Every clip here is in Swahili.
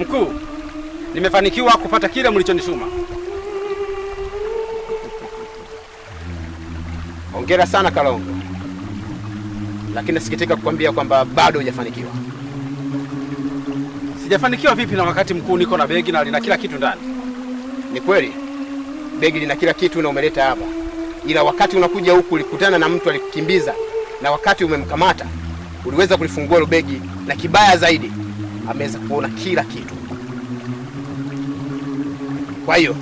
Mkuu, nimefanikiwa kupata kile mlichonituma. Hongera sana Kalongo, lakini nasikitika kukwambia kwamba bado hujafanikiwa. Sijafanikiwa vipi na wakati mkuu niko na begi na lina kila kitu ndani? Ni kweli begi lina kila kitu na umeleta hapa, ila wakati unakuja huku ulikutana na mtu alikukimbiza, na wakati umemkamata uliweza kulifungua lo begi, na kibaya zaidi ameweza kuona kila kitu. Kwa hiyo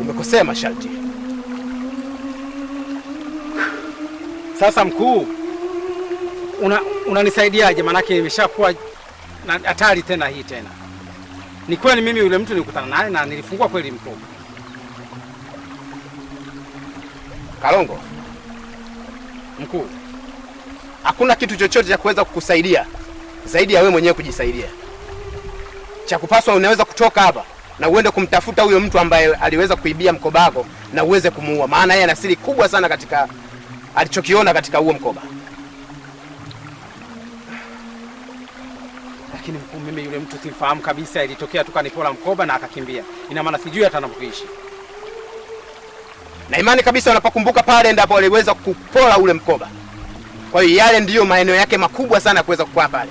umekosea masharti. Sasa mkuu, unanisaidiaje? Una maanake na hatari tena hii tena. Ni kweli mimi yule mtu nilikutana naye na nilifungua kweli mkuu. Kalongo mkuu, hakuna kitu chochote cha kuweza kukusaidia zaidi ya wewe mwenyewe kujisaidia. Cha kupaswa unaweza kutoka hapa na uende kumtafuta huyo mtu ambaye aliweza kuibia mkoba wako na uweze kumuua, maana yeye ana siri kubwa sana katika alichokiona katika huo mkoba. Lakini mkuu, mimi yule mtu simfahamu kabisa, ilitokea tu kanipola mkoba na akakimbia. Ina maana sijui hata anapoishi, na imani kabisa unapokumbuka pale ndipo aliweza kupola ule mkoba. Kwa hiyo yale ndiyo maeneo yake makubwa sana kuweza kukaa pale.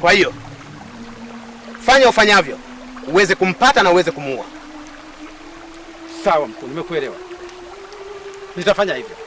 Kwa hiyo fanya ufanyavyo uweze kumpata na uweze kumuua. Sawa mkuu, nimekuelewa, nitafanya hivyo.